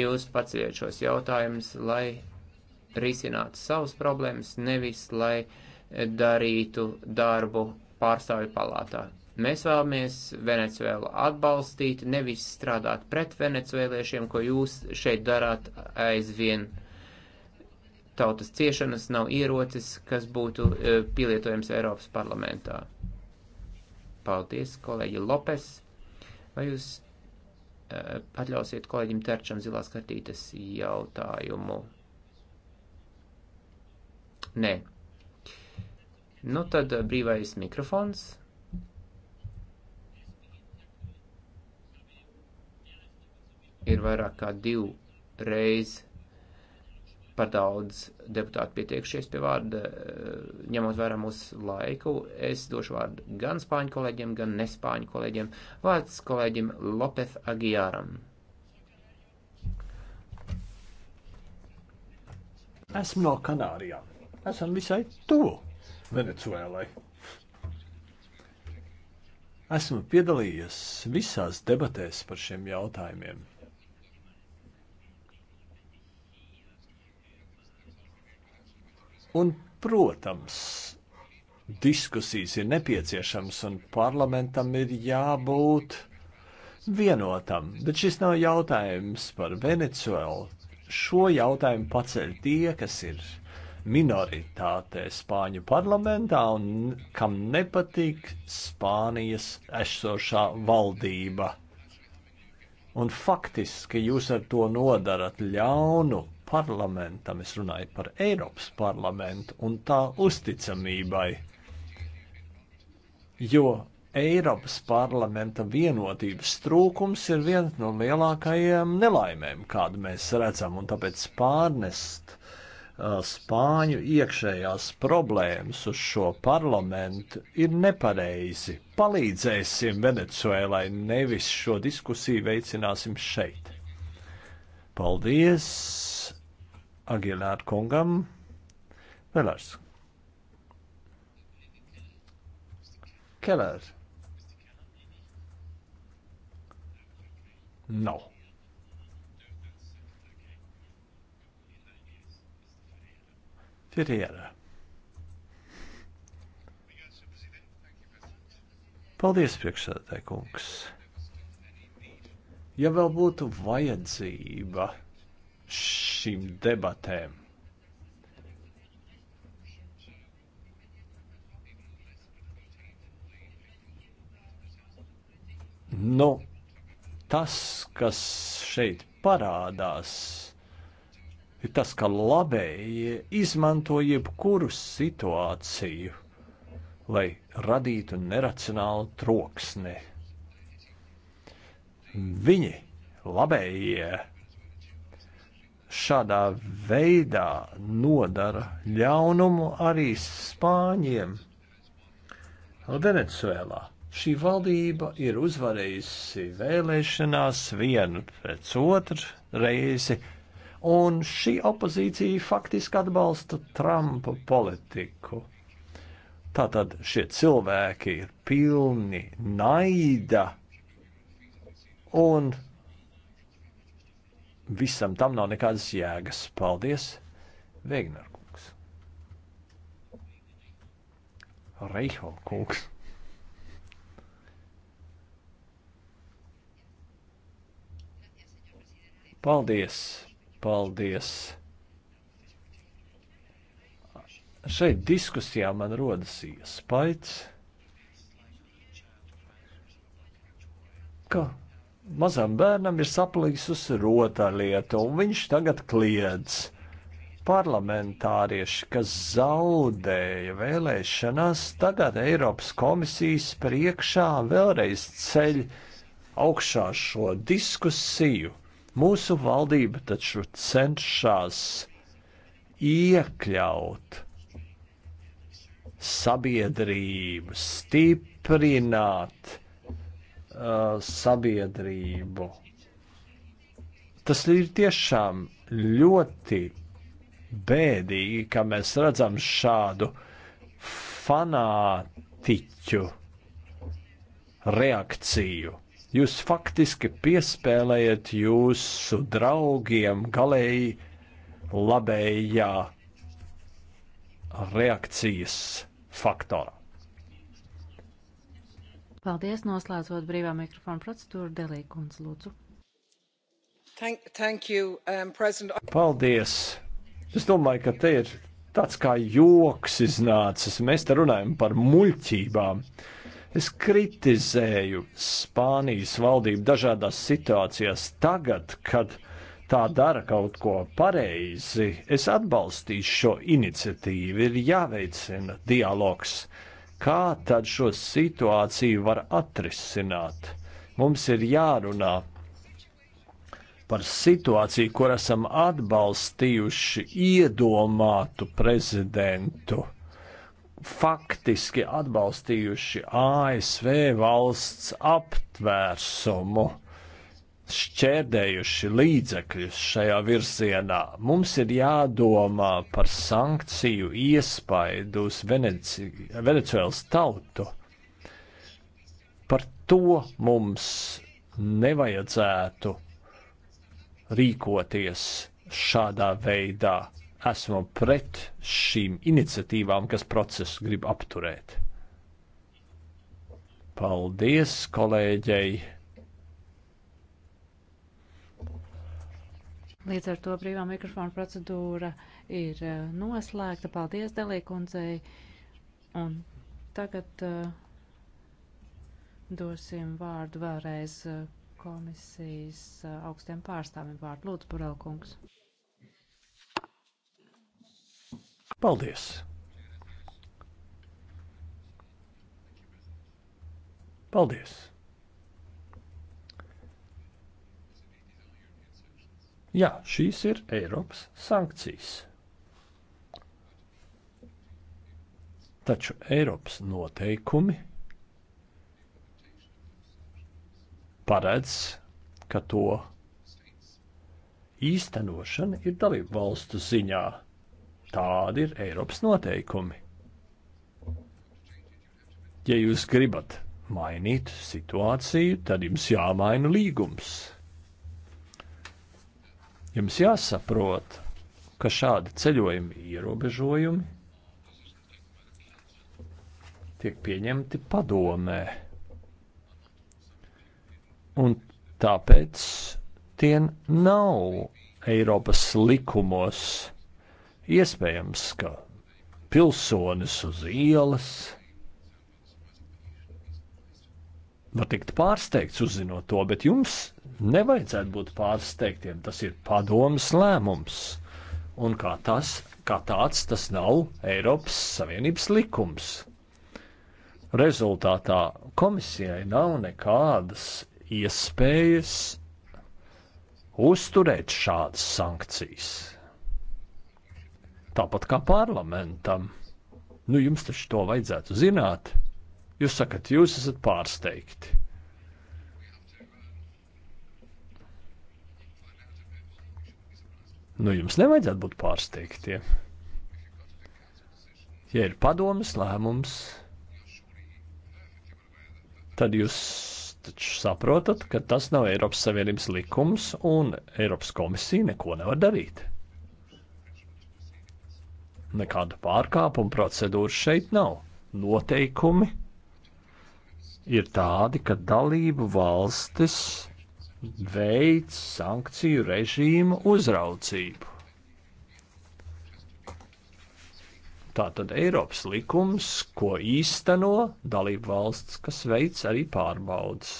Jūs paceļiet šos jautājumus, lai risinātu savas problēmas, nevis lai darītu darbu pārstāvju palātā. Mēs vēlamies Venecuēlu atbalstīt, nevis strādāt pret venecuēliešiem, ko jūs šeit darāt aizvien tautas ciešanas, nav ierocis, kas būtu e, pielietojams Eiropas parlamentā. Paldies, kolēģi Lopes. Vai jūs e, atļausiet kolēģim Terčam zilās kartītes jautājumu? Nē. Nu tad e, brīvais mikrofons. Ir vairāk kā divu reizi par daudz deputātu pietiekšies pie vārda, eh, ņemot vērā mūsu laiku. Es došu vārdu gan spāņu kolēģiem, gan nespāņu kolēģiem. Vārds kolēģim Lopez Agijāram. Esmu no Kanārijām. Esam visai tuvu Venecuēlai. Esmu piedalījies visās debatēs par šiem jautājumiem. Un, protams, diskusijas ir nepieciešams un parlamentam ir jābūt vienotam, bet šis nav jautājums par Venecuēlu. Šo jautājumu paceļ tie, kas ir minoritātē Spāņu parlamentā un kam nepatīk Spānijas esošā valdība. Un faktiski jūs ar to nodarat ļaunu parlamentam, es runāju par Eiropas parlamentu un tā uzticamībai. Jo Eiropas parlamenta vienotības trūkums ir viens no lielākajiem nelaimēm, kādu mēs redzam, un tāpēc pārnest uh, spāņu iekšējās problēmas uz šo parlamentu ir nepareizi. Palīdzēsim Venecuēlai, nevis šo diskusiju veicināsim šeit. Paldies! Agilār kungam. Velars. Keller. Nav. No. Ferreira. Paldies, priekšsēdētāj kungs. Ja vēl būtu vajadzība šīm debatēm. Nu, tas, kas šeit parādās, ir tas, ka labējie izmanto jebkuru situāciju, lai radītu neracionālu troksni. Viņi, labējie, šādā veidā nodara ļaunumu arī spāņiem Venecuēlā. Šī valdība ir uzvarējusi vēlēšanās vienu pēc otru reizi, un šī opozīcija faktiski atbalsta Trumpa politiku. Tātad šie cilvēki ir pilni naida un visam tam nav nekādas jēgas. Paldies, Vegner kungs. Reiho kungs. Paldies! Paldies! Šeit diskusijā man rodas iespējas, ka mazam bērnam ir saplīsus rotaļlieta, un viņš tagad kliedz. Parlamentārieši, kas zaudēja vēlēšanās, tagad Eiropas komisijas priekšā vēlreiz ceļ augšā šo diskusiju. Mūsu valdība taču cenšas iekļaut sabiedrību, stiprināt Uh, sabiedrību. Tas ir tiešām ļoti bēdīgi, ka mēs redzam šādu fanātiķu reakciju. Jūs faktiski piespēlējat jūsu draugiem galēji labējā reakcijas faktorā. Paldies, noslēdzot brīvā mikrofona procedūru, Delīkums, lūdzu. Thank, thank you, um, President. Paldies! Es domāju, ka te ir tāds kā joks iznācis. Mēs te runājam par muļķībām. Es kritizēju Spānijas valdību dažādās situācijās tagad, kad tā dara kaut ko pareizi, es atbalstīšu šo iniciatīvu. Ir jāveicina dialogs. Kā tad šo situāciju var atrisināt? Mums ir jārunā par situāciju, kur esam atbalstījuši iedomātu prezidentu, faktiski atbalstījuši ASV valsts aptvērsumu šķērdējuši līdzekļus šajā virzienā. Mums ir jādomā par sankciju iespaidu uz Veneci Venecuēlas tautu. Par to mums nevajadzētu rīkoties šādā veidā. Esmu pret šīm iniciatīvām, kas procesu grib apturēt. Paldies kolēģei! Līdz ar to brīvā mikrofona procedūra ir eh, noslēgta. Paldies, Delīkundzei. Un tagad uh, dosim vārdu vēlreiz eh, komisijas augstiem pārstāvim vārdu. Lūdzu, Burelkungs. Paldies! Paldies! Jā, šīs ir Eiropas sankcijas. Taču Eiropas noteikumi paredz, ka to īstenošana ir dalību valstu ziņā. Tādi ir Eiropas noteikumi. Ja jūs gribat mainīt situāciju, tad jums jāmaina līgums. Jums jāsaprot, ka šādi ceļojumi ierobežojumi tiek pieņemti padomē. Un tāpēc tie nav Eiropas likumos. Iespējams, ka pilsonis uz ielas var nu, tikt pārsteigts uzzinot to, bet jums nevajadzētu būt pārsteigtiem. Tas ir padomas lēmums. Un kā, tas, kā tāds, tas nav Eiropas Savienības likums. Rezultātā komisijai nav nekādas iespējas uzturēt šādas sankcijas. Tāpat kā parlamentam. Nu, jums taču to vajadzētu zināt. Jūs sakat, jūs esat pārsteigti. Nu, jums nevajadzētu būt pārsteigtiem. Ja ir padomas lēmums, tad jūs taču saprotat, ka tas nav Eiropas Savienības likums un Eiropas komisija neko nevar darīt. Nekādu pārkāpumu procedūru šeit nav. Noteikumi ir tādi, ka dalību valstis veids sankciju režīmu uzraucību. Tātad Eiropas likums, ko īsteno dalību valsts, kas veic arī pārbaudas.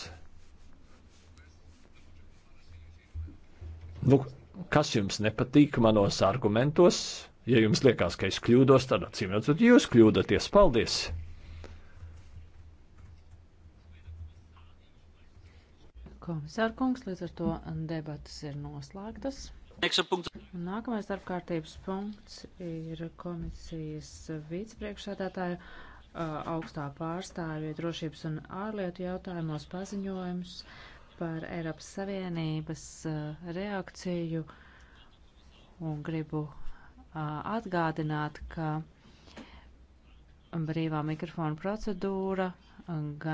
Nu, kas jums nepatīk manos argumentos? Ja jums liekas, ka es kļūdos, tad acīm redzot, jūs kļūdaties. Paldies! Komisārkungs, līdz ar to debatas ir noslēgtas. Nākamais darbkārtības punkts ir komisijas vicepriekšsādātāja augstā pārstāvja drošības un ārlietu jautājumos paziņojums par Eiropas Savienības reakciju un gribu atgādināt, ka brīvā mikrofona procedūra gan